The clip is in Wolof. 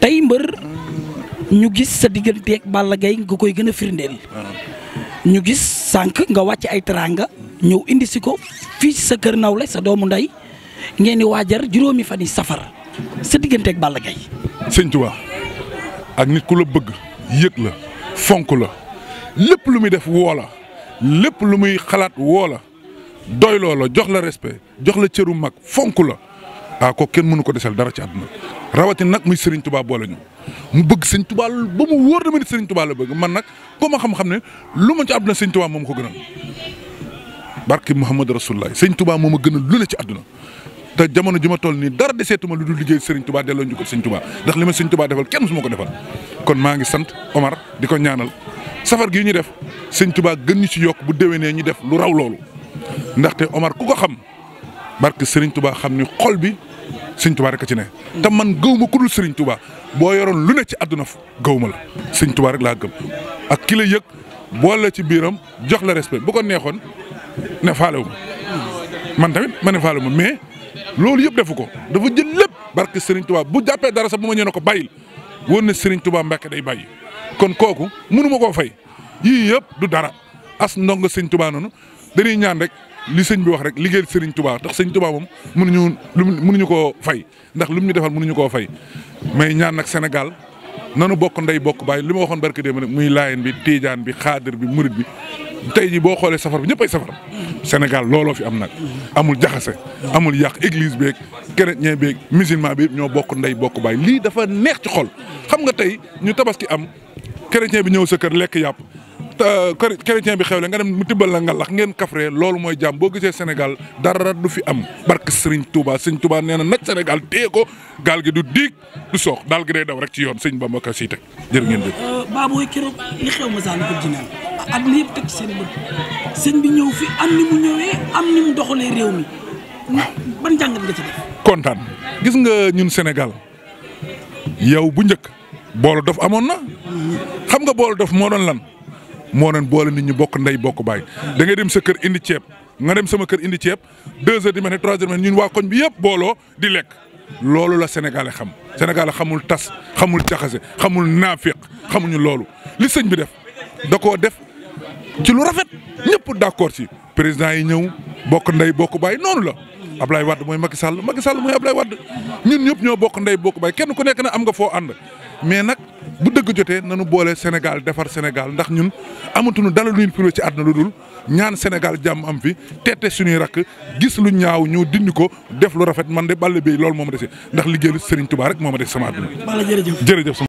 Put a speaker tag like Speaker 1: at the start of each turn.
Speaker 1: tey mbër ñu gis sa digganteek Balla gay nga koy gën a firndeel. ñu gis sànq nga wàcc ay teraanga ñëw indi si ko fii sa kër nawle sa doomu ndey ngeen di waajar juróomi fan yi safar sa digganteek Balla Gaye. sëñ Tuba ak nit ku la bëgg yëg la fonk la lépp lu muy def woo la lépp lu muy xalaat woo la doyloo la jox la respect jox la cëru mag fonk la. ah ko kenn mënu ko desal dara ci àdduna rawatina nag muy Serigne tubaa boole ñu mu bëgg Serigne Touba ba mu wóor dama ni Serigne Touba la bëgg man nag ko ma xam-xam ne lu ma ci àdduna Serigne Touba moom ko gënal barki Muhammad Rasulullah Serigne Touba moom a gënal lu ne ci àdduna te jamono ji ma toll nii dara deseetuma lu dul liggéey Serigne tubaa delloo ñu ko Serigne Touba ndax li ma Serigne Touba defal kenn su ma ko defal kon maa ngi sant Omar di ko ñaanal safar gii ñu def sëñ tubaa gën ñu ci yokk bu déwénee ñu def lu raw loolu ndaxte Omar ku ko xam barke Serigne Touba xam ni xol bi sëñ Tuubaa rek a ci ne. te man gëw ma ku dul sëriñ Tuubaa boo yoroon lu ne ci àdduna gëw gawma la sëñ Tuubaa rek laa gëm ak kilo la yëg boole ci biiram jox la respe bu ko neexoon ne faalewu man tamit ma ne faalewu ma mais loolu yëpp defu ko dafa jël lépp barke sëriñ tubaa bu jàppee dara sax bu ma ñëwee ne ko bàyyil woon na sëriñ Tuubaa Mbàkke day bàyyi kon kooku mënuma koo fay yii yëpp du dara as ndongo sëñ Tuubaa noonu dañuy ñaan rek. li sëñ bi wax rek liggéeyal sëriñ tubaa ndax sëñ Touba moom mënuñu lu mënuñu koo fay ndax lu mu ñu defal mënuñu koo fay may ñaan nag Sénégal nanu bokk ndey bokk baay li ma waxoon barke démb rek muy Laayeen bi Tiijaan bi Xaadir bi Murit bi tey jii boo xoolee safar bi ñëppay safar Sénégal looloo fi am nag amul jaxase amul yàq église beeg chrétien beeg musulman bi ñoo bokk ndey bokk bàyyi lii dafa neex ci xol xam nga tey ñu tabaski am chrétien bi ñëw sa kër lekk yàpp chrétien bi xewle nga dem mu tibbal la ngeen kafre loolu mooy jàmm gisee Sénégal dara du fi am barke Serigne Touba Serigne Touba nee na nag Sénégal téye gaal gi du diig du soox daal gi rek ci yoon Serigne Bamba ka siy teg jërë ngeen jëf. Euh, Baboy keroog li xew Masaalikul kontaan gis nga ñun Sénégal yow bu njëkk boolu dof amoon na mm-hmm. xam nga boolu dof moo doon lan. moo doon boole nit ñu bokk ndey bokk baay da ngay dem sa kër indi ceeb nga dem sama kër indi ceeb deux heures du matin trois heures du matin ñun waa koñ bi yëpp booloo di lekk loolu la sénégalais xam sénégalais xamul tas xamul jaxase xamul naafiq xamuñu loolu li sëñ bi def da ko def ci lu rafet ñëpp d'accord ci président yi ñëw bokk ndey bokk baay noonu la Ablaye Wade mooy Macky Sall Macky Sall mooy Ablaye Wade ñun ñëpp ñoo bokk ndey bokk baay kenn ku nekk na am foo ànd mais nag bu dëgg jotee nañu boole Sénégal defar Sénégal ndax ñun amatuñu dala lu ñu ci àdduna lu dul ñaan Sénégal jàmm am fi teete suñuy rakk gis lu ñaaw ñëw dindi ko def lu rafet man de Balla Bèye loolu moo ma dese ndax liggéeyu Serigne Touba rek moo ma des sama àdduna. jërëjëf.